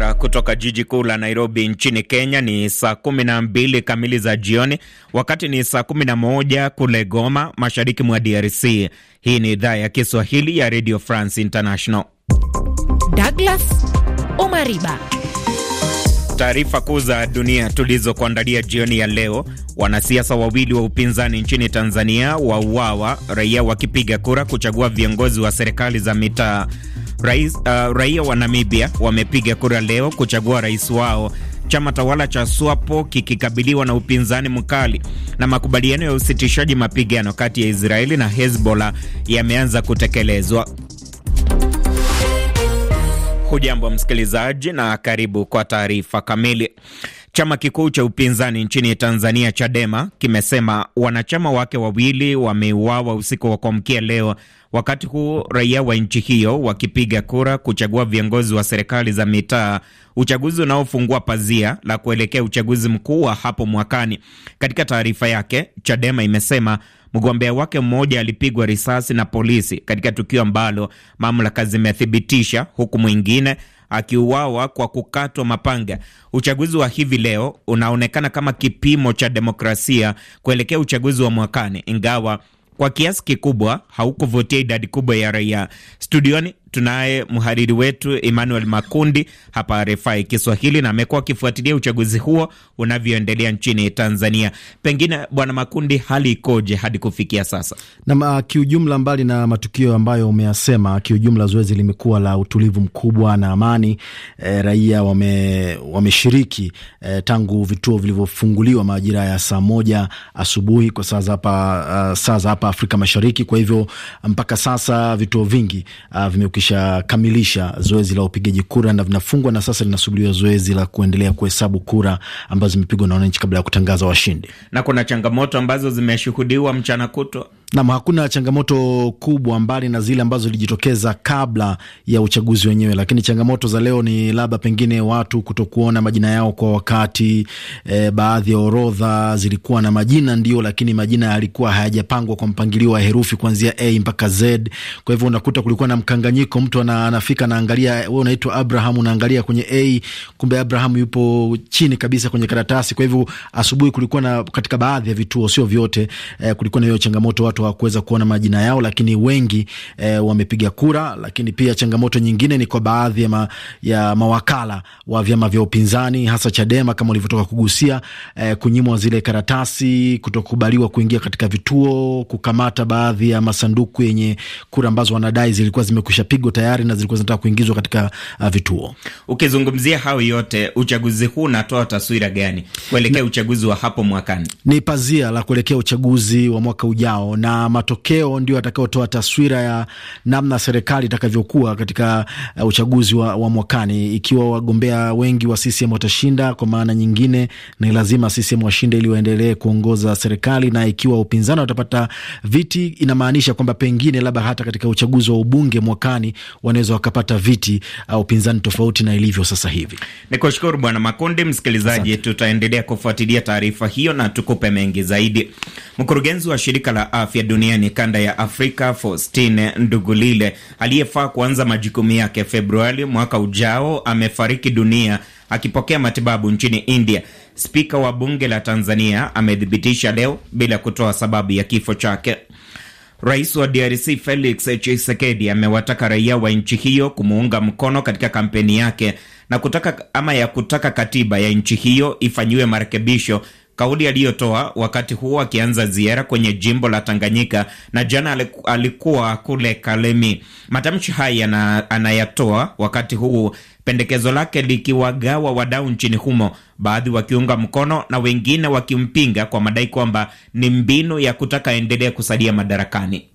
Wandera kutoka jiji kuu la Nairobi nchini Kenya. Ni saa kumi na mbili kamili za jioni, wakati ni saa kumi na moja kule Goma, mashariki mwa DRC. Hii ni idhaa ya Kiswahili ya Radio France International. Douglas Omariba, taarifa kuu za dunia tulizokuandalia jioni ya leo. Wanasiasa wawili wa upinzani nchini Tanzania wauawa, raia wakipiga kura kuchagua viongozi wa serikali za mitaa. Rais, uh, raia wa Namibia wamepiga kura leo kuchagua rais wao, chama tawala cha SWAPO kikikabiliwa na upinzani mkali. Na makubaliano ya usitishaji mapigano kati ya Israeli na Hezbollah yameanza kutekelezwa. Hujambo msikilizaji, na karibu kwa taarifa kamili. Chama kikuu cha upinzani nchini Tanzania, Chadema, kimesema wanachama wake wawili wameuawa usiku wa kuamkia leo, wakati huu raia wa nchi hiyo wakipiga kura kuchagua viongozi wa serikali za mitaa, uchaguzi unaofungua pazia la kuelekea uchaguzi mkuu wa hapo mwakani. Katika taarifa yake, Chadema imesema mgombea wake mmoja alipigwa risasi na polisi katika tukio ambalo mamlaka zimethibitisha, huku mwingine akiuawa kwa kukatwa mapanga. Uchaguzi wa hivi leo unaonekana kama kipimo cha demokrasia kuelekea uchaguzi wa mwakani, ingawa kwa kiasi kikubwa haukuvutia idadi kubwa ya raia. Studioni tunaye mhariri wetu Emmanuel Makundi hapa RFI Kiswahili, na amekuwa akifuatilia uchaguzi huo unavyoendelea nchini Tanzania. Pengine Bwana Makundi, hali ikoje hadi kufikia sasa? Na kiujumla, mbali na matukio ambayo umeyasema, kiujumla zoezi limekuwa la utulivu mkubwa na amani. E, raia wame, wameshiriki e, tangu vituo vilivyofunguliwa majira ya saa moja asubuhi kwa saa za hapa, uh, saa za hapa Afrika Mashariki. Kwa hivyo mpaka sasa vituo vingi uh, limekishakamilisha zoezi la upigaji kura na vinafungwa na sasa linasubiriwa zoezi la kuendelea kuhesabu kura ambazo zimepigwa na wananchi kabla ya kutangaza washindi, na kuna changamoto ambazo zimeshuhudiwa mchana kutwa Nam, hakuna changamoto kubwa mbali na zile ambazo zilijitokeza kabla ya uchaguzi wenyewe, lakini changamoto za leo ni labda pengine watu kutokuona majina yao kwa wakati. E, baadhi ya orodha zilikuwa na majina ndio, lakini majina yalikuwa hayajapangwa kwa mpangilio wa herufi kuanzia A mpaka Z. Kwa hivyo unakuta kulikuwa na mkanganyiko, mtu anafika naangalia, wewe unaitwa Abraham, unaangalia kwenye A, kumbe Abraham yupo chini kabisa kwenye karatasi. Kwa hivyo asubuhi kulikuwa na katika baadhi ya vituo, sio vyote, e, kulikuwa na hiyo changamoto watu watu hawakuweza kuona majina yao, lakini wengi e, wamepiga kura. Lakini pia changamoto nyingine ni kwa baadhi ya, ma, ya mawakala wa vyama vya upinzani hasa Chadema kama ulivyotoka kugusia e, kunyimwa zile karatasi, kutokubaliwa kuingia katika vituo, kukamata baadhi ya masanduku yenye kura ambazo wanadai zilikuwa zimekwisha pigwa tayari na zilikuwa zinataka kuingizwa katika uh, vituo. Ukizungumzia hayo yote, uchaguzi huu unatoa taswira gani kuelekea uchaguzi wa hapo mwakani? Ni pazia la kuelekea uchaguzi wa mwaka ujao na na matokeo ndio atakayotoa taswira ya namna serikali itakavyokuwa katika uh, uchaguzi wa, wa mwakani. Ikiwa wagombea wengi wa CCM watashinda, kwa maana nyingine ni lazima CCM washinde ili waendelee kuongoza serikali, na ikiwa upinzani watapata viti, inamaanisha kwamba pengine labda hata katika uchaguzi wa ubunge mwakani wanaweza wakapata viti uh, upinzani, tofauti na ilivyo sasa hivi. Ni kushukuru Bwana Makonde. Msikilizaji, tutaendelea kufuatilia taarifa hiyo na tukupe mengi zaidi. Mkurugenzi wa shirika la afya afya duniani kanda ya Afrika Faustine Ndugulile aliyefaa kuanza majukumu yake Februari mwaka ujao amefariki dunia akipokea matibabu nchini India. Spika wa bunge la Tanzania amethibitisha leo bila kutoa sababu ya kifo chake. Rais wa DRC Felix Tshisekedi amewataka raia wa nchi hiyo kumuunga mkono katika kampeni yake na kutaka ama ya kutaka katiba ya nchi hiyo ifanyiwe marekebisho kauli aliyotoa wakati huo akianza ziara kwenye jimbo la Tanganyika, na jana alikuwa kule Kalemi. Matamshi haya anayatoa wakati huu pendekezo lake likiwagawa wadau nchini humo, baadhi wakiunga mkono na wengine wakimpinga kwa madai kwamba ni mbinu ya kutaka endelea kusalia madarakani.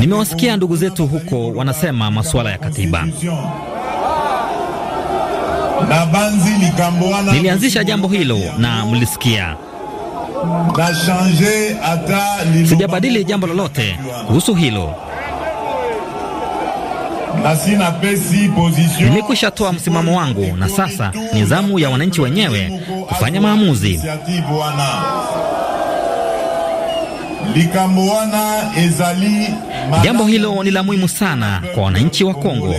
Nimewasikia ndugu zetu huko wanasema masuala ya katiba Nilianzisha jambo hilo na mlisikia. Sijabadili jambo lolote kuhusu hilo. Nimekwisha toa msimamo wangu, na sasa ni zamu ya wananchi wenyewe kufanya maamuzi. Jambo hilo ni la muhimu sana kwa wananchi wa Kongo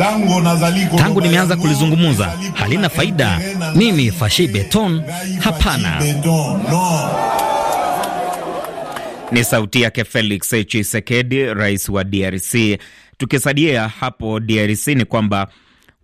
tangu, tangu nimeanza kulizungumza halina faida. Mimi Fashi Beton, hapana. Ni sauti yake Felix Tshisekedi, rais wa DRC. Tukisadia hapo DRC, ni kwamba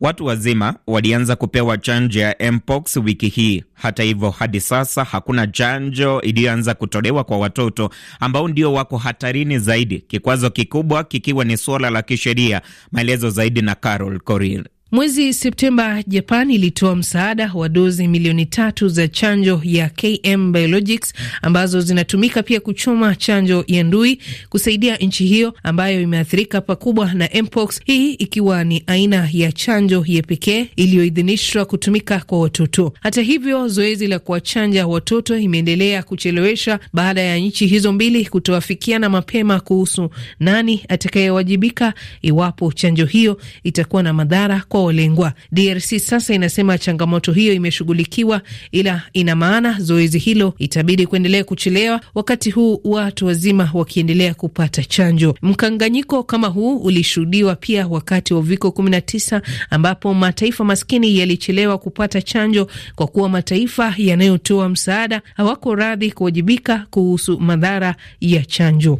Watu wazima walianza kupewa chanjo ya mpox wiki hii. Hata hivyo, hadi sasa hakuna chanjo iliyoanza kutolewa kwa watoto ambao ndio wako hatarini zaidi, kikwazo kikubwa kikiwa ni suala la kisheria. Maelezo zaidi na Carol Korir. Mwezi Septemba, Japan ilitoa msaada wa dozi milioni tatu za chanjo ya KM Biologics ambazo zinatumika pia kuchoma chanjo ya ndui kusaidia nchi hiyo ambayo imeathirika pakubwa na mpox, hii ikiwa ni aina ya chanjo ya pekee iliyoidhinishwa kutumika kwa watoto. Hata hivyo, zoezi la kuwachanja watoto imeendelea kuchelewesha baada ya nchi hizo mbili kutoafikiana mapema kuhusu nani atakayewajibika iwapo chanjo hiyo itakuwa na madhara kwa walengwa. DRC sasa inasema changamoto hiyo imeshughulikiwa, ila ina maana zoezi hilo itabidi kuendelea kuchelewa, wakati huu watu wazima wakiendelea kupata chanjo. Mkanganyiko kama huu ulishuhudiwa pia wakati wa uviko 19 ambapo mataifa maskini yalichelewa kupata chanjo kwa kuwa mataifa yanayotoa msaada hawako radhi kuwajibika kuhusu madhara ya chanjo.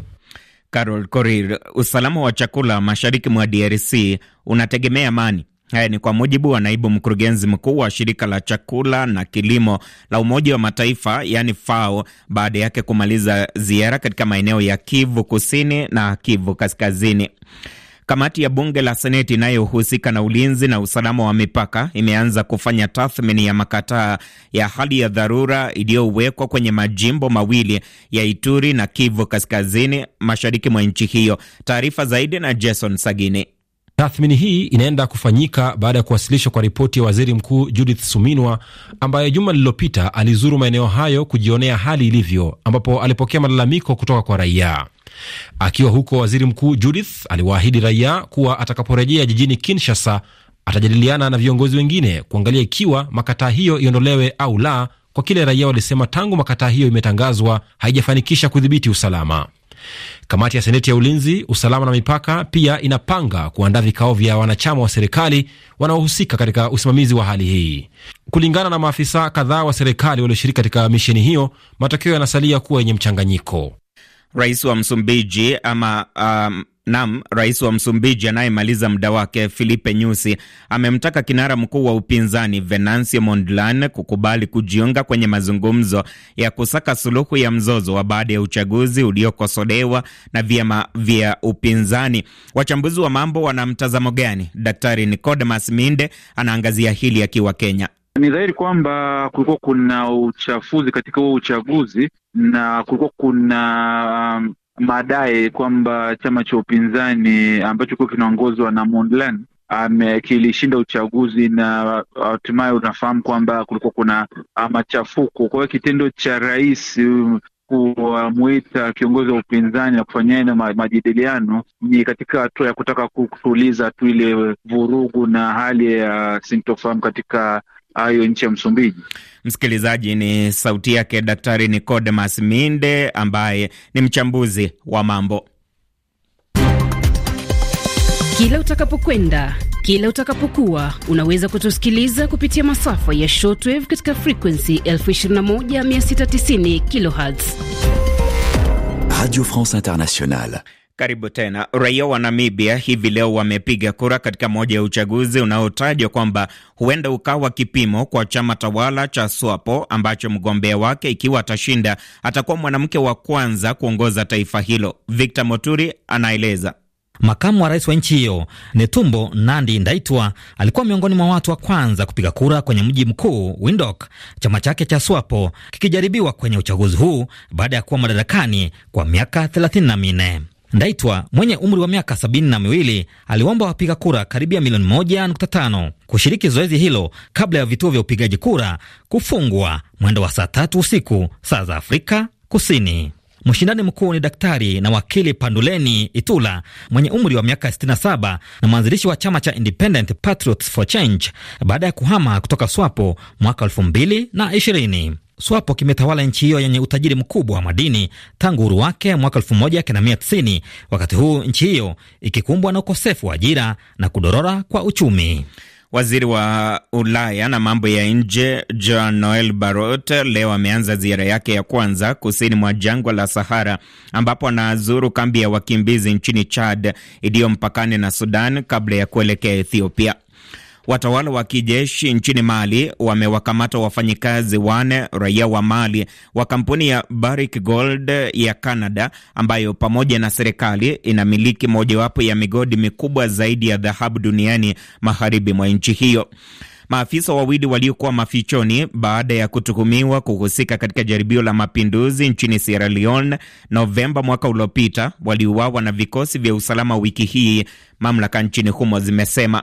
Carol Korir. Usalama wa chakula mashariki mwa DRC unategemea amani. Haya eh, ni kwa mujibu wa naibu mkurugenzi mkuu wa shirika la chakula na kilimo la Umoja wa Mataifa yani FAO baada yake kumaliza ziara katika maeneo ya Kivu Kusini na Kivu Kaskazini. Kamati ya bunge la Seneti inayohusika na ulinzi na usalama wa mipaka imeanza kufanya tathmini ya makataa ya hali ya dharura iliyowekwa kwenye majimbo mawili ya Ituri na Kivu Kaskazini, mashariki mwa nchi hiyo. Taarifa zaidi na Jason Sagini. Tathmini hii inaenda kufanyika baada ya kuwasilishwa kwa ripoti ya waziri mkuu Judith Suminwa ambaye juma lililopita alizuru maeneo hayo kujionea hali ilivyo, ambapo alipokea malalamiko kutoka kwa raia. Akiwa huko, waziri mkuu Judith aliwaahidi raia kuwa atakaporejea jijini Kinshasa atajadiliana na viongozi wengine kuangalia ikiwa makataa hiyo iondolewe au la, kwa kile raia walisema tangu makataa hiyo imetangazwa haijafanikisha kudhibiti usalama. Kamati ya Seneti ya Ulinzi, Usalama na Mipaka pia inapanga kuandaa vikao vya wanachama wa serikali wanaohusika katika usimamizi wa hali hii. Kulingana na maafisa kadhaa wa serikali walioshiriki katika misheni hiyo, matokeo yanasalia kuwa yenye mchanganyiko. Rais wa Msumbiji ama um, Nam, rais wa Msumbiji anayemaliza muda wake Filipe Nyusi amemtaka kinara mkuu wa upinzani Venancio Mondlane kukubali kujiunga kwenye mazungumzo ya kusaka suluhu ya mzozo wa baada ya uchaguzi uliokosolewa na vyama vya upinzani. Wachambuzi wa mambo wana mtazamo gani? Daktari Nicodemas Minde anaangazia hili akiwa Kenya. Ni dhahiri kwamba kulikuwa kuna uchafuzi katika huo uchaguzi na kulikuwa kuna um, madai kwamba chama cha upinzani ambacho kuwa kinaongozwa na Mondlane amekilishinda uchaguzi na uh, hatimaye unafahamu kwamba kulikuwa kuna uh, machafuko. Kwa hiyo kitendo cha rais uh, kuwamwita kiongozi wa upinzani na kufanyia na majadiliano ni katika hatua ya kutaka kutuliza tu ile vurugu na hali ya sintofahamu katika hayo nchi ya Msumbiji. Msikilizaji, ni sauti yake Daktari Nicodemas Minde ambaye ni mchambuzi wa mambo. Kila utakapokwenda kila utakapokuwa unaweza kutusikiliza kupitia masafa ya shortwave katika frekuensi 21690 kilohertz. Radio France Internationale. Karibu tena. Raia wa Namibia hivi leo wamepiga kura katika moja ya uchaguzi unaotajwa kwamba huenda ukawa kipimo kwa chama tawala cha SWAPO ambacho mgombea wake, ikiwa atashinda, atakuwa mwanamke wa kwanza kuongoza taifa hilo. Victor Moturi anaeleza. Makamu wa rais wa nchi hiyo Netumbo Nandi Ndaitwa alikuwa miongoni mwa watu wa kwanza kupiga kura kwenye mji mkuu Windhoek, chama chake cha SWAPO kikijaribiwa kwenye uchaguzi huu baada ya kuwa madarakani kwa miaka thelathini na minne. Ndaitwa mwenye umri wa miaka sabini na miwili aliomba wapiga kura ya milioni moja nukta tano kushiriki zoezi hilo kabla ya vituo vya upigaji kura kufungwa mwendo wa saa tatu usiku saa za Afrika Kusini. Mshindani mkuu ni daktari na wakili Panduleni Itula mwenye umri wa miaka 67 na mwanzilishi wa chama cha Independent Patriots for Change baada ya kuhama kutoka SWAPO mwaka 2020. SWAPO kimetawala nchi hiyo yenye utajiri mkubwa wa madini tangu uhuru wake mwaka 1990, wakati huu nchi hiyo ikikumbwa na ukosefu wa ajira na kudorora kwa uchumi. Waziri wa Ulaya na mambo ya nje Jean Noel Barrot leo ameanza ziara yake ya kwanza kusini mwa jangwa la Sahara, ambapo anazuru kambi ya wakimbizi nchini Chad iliyo mpakani na Sudan kabla ya kuelekea Ethiopia. Watawala wa kijeshi nchini Mali wamewakamata wafanyikazi wane raia wa Mali wa kampuni ya Barrick Gold ya Canada ambayo pamoja na serikali inamiliki mojawapo ya migodi mikubwa zaidi ya dhahabu duniani magharibi mwa nchi hiyo. Maafisa wawili waliokuwa mafichoni baada ya kutuhumiwa kuhusika katika jaribio la mapinduzi nchini Sierra Leone Novemba mwaka uliopita waliuawa na vikosi vya usalama wiki hii, mamlaka nchini humo zimesema.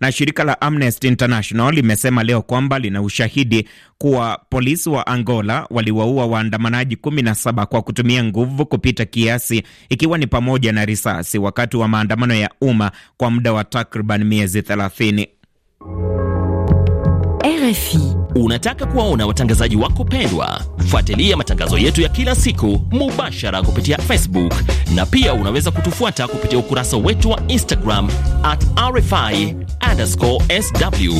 Na shirika la Amnesty International limesema leo kwamba lina ushahidi kuwa polisi wa Angola waliwaua waandamanaji 17 kwa kutumia nguvu kupita kiasi, ikiwa ni pamoja na risasi, wakati wa maandamano ya umma kwa muda wa takriban miezi 30. RFI. Unataka kuwaona watangazaji wako pendwa? Fuatilia matangazo yetu ya kila siku mubashara kupitia Facebook na pia unaweza kutufuata kupitia ukurasa wetu wa Instagram at RFI underscore sw.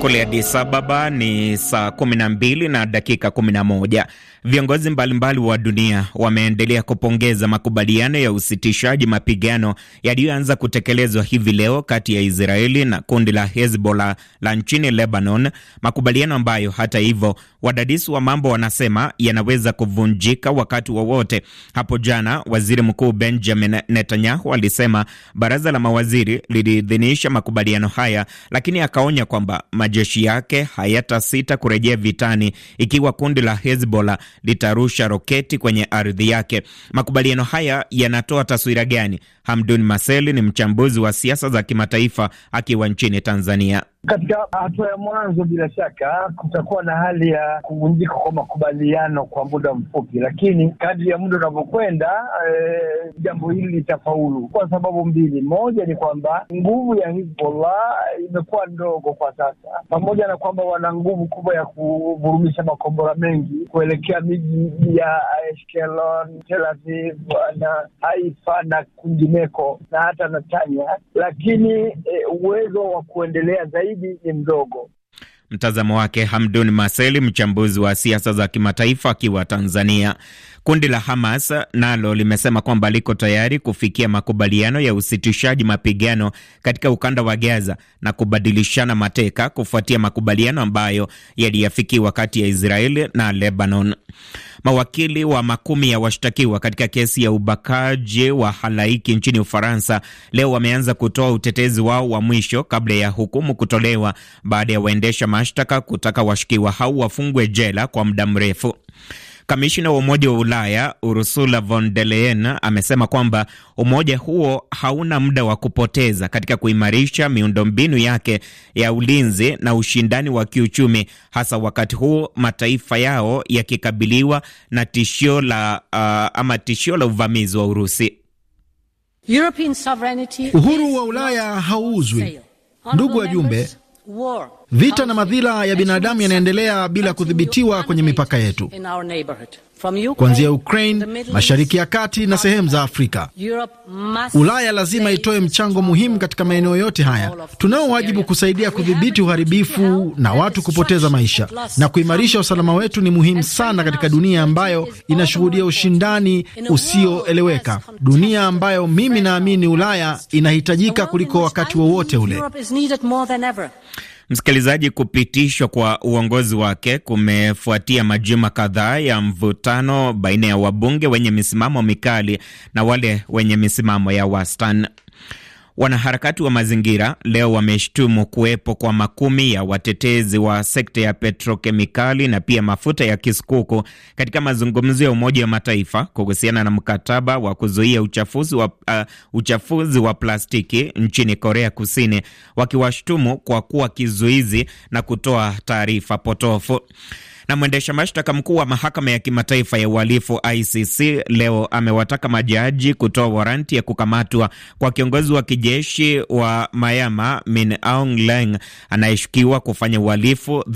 Kule adisababa Ababa ni saa 12 na dakika 11. Viongozi mbalimbali wa dunia wameendelea kupongeza makubaliano ya usitishaji mapigano yaliyoanza kutekelezwa hivi leo kati ya Israeli na kundi la Hezbollah la nchini Lebanon, makubaliano ambayo hata hivyo wadadisi wa mambo wanasema yanaweza kuvunjika wakati wowote. wa hapo jana, waziri mkuu Benjamin Netanyahu alisema baraza la mawaziri liliidhinisha makubaliano haya, lakini akaonya kwamba majeshi yake hayatasita kurejea vitani ikiwa kundi la Hezbollah litarusha roketi kwenye ardhi yake. Makubaliano haya yanatoa taswira gani? Hamdun Maseli ni mchambuzi wa siasa za kimataifa akiwa nchini Tanzania. Katika hatua ya mwanzo, bila shaka kutakuwa na hali ya kuvunjika kwa makubaliano kwa muda mfupi, lakini kadri ya muda unavyokwenda, e, jambo hili litafaulu kwa sababu mbili. Moja ni kwamba nguvu ya Hizbullah imekuwa ndogo kwa sasa, pamoja na kwamba wana nguvu kubwa ya kuvurumisha makombora mengi kuelekea miji ya Ashkelon, Tel Aviv na Haifa na kwingineko na hata Natanya, lakini e, uwezo wa kuendelea zaidi zaidi ni mdogo. Mtazamo wake Hamdun Maseli, mchambuzi wa siasa za kimataifa akiwa Tanzania. Kundi la Hamas nalo limesema kwamba liko tayari kufikia makubaliano ya usitishaji mapigano katika ukanda wa Gaza na kubadilishana mateka kufuatia makubaliano ambayo yaliyafikiwa kati ya Israeli na Lebanon. Mawakili wa makumi ya washtakiwa katika kesi ya ubakaji wa halaiki nchini Ufaransa leo wameanza kutoa utetezi wao wa mwisho kabla ya hukumu kutolewa baada ya waendesha mashtaka kutaka washukiwa hao wafungwe jela kwa muda mrefu. Kamishina wa Umoja wa Ulaya Ursula von der Leyen amesema kwamba umoja huo hauna muda wa kupoteza katika kuimarisha miundombinu yake ya ulinzi na ushindani wa kiuchumi, hasa wakati huu mataifa yao yakikabiliwa na tishio la uh, ama tishio la uvamizi wa Urusi. Uhuru wa Ulaya hauuzwi, ndugu wajumbe. Vita na madhila ya binadamu yanaendelea bila kudhibitiwa kwenye mipaka yetu, kuanzia Ukraine, Mashariki ya Kati na sehemu za Afrika. Ulaya lazima itoe mchango muhimu katika maeneo yote haya. Tunao wajibu kusaidia kudhibiti uharibifu na watu kupoteza maisha, na kuimarisha usalama wetu ni muhimu sana katika dunia ambayo inashuhudia ushindani usioeleweka, dunia ambayo mimi naamini Ulaya inahitajika kuliko wakati wowote ule. Msikilizaji, kupitishwa kwa uongozi wake kumefuatia majuma kadhaa ya mvutano baina ya wabunge wenye misimamo mikali na wale wenye misimamo ya wastani. Wanaharakati wa mazingira leo wameshtumu kuwepo kwa makumi ya watetezi wa sekta ya petrokemikali na pia mafuta ya kisukuku katika mazungumzo ya Umoja wa Mataifa kuhusiana na mkataba wa kuzuia uchafuzi wa, uh, uchafuzi wa plastiki nchini Korea Kusini, wakiwashtumu kwa kuwa kizuizi na kutoa taarifa potofu. Na mwendesha mashtaka mkuu wa mahakama ya kimataifa ya uhalifu ICC leo amewataka majaji kutoa waranti ya kukamatwa kwa kiongozi wa kijeshi wa Myanmar Min Aung Hlaing anayeshukiwa kufanya uhalifu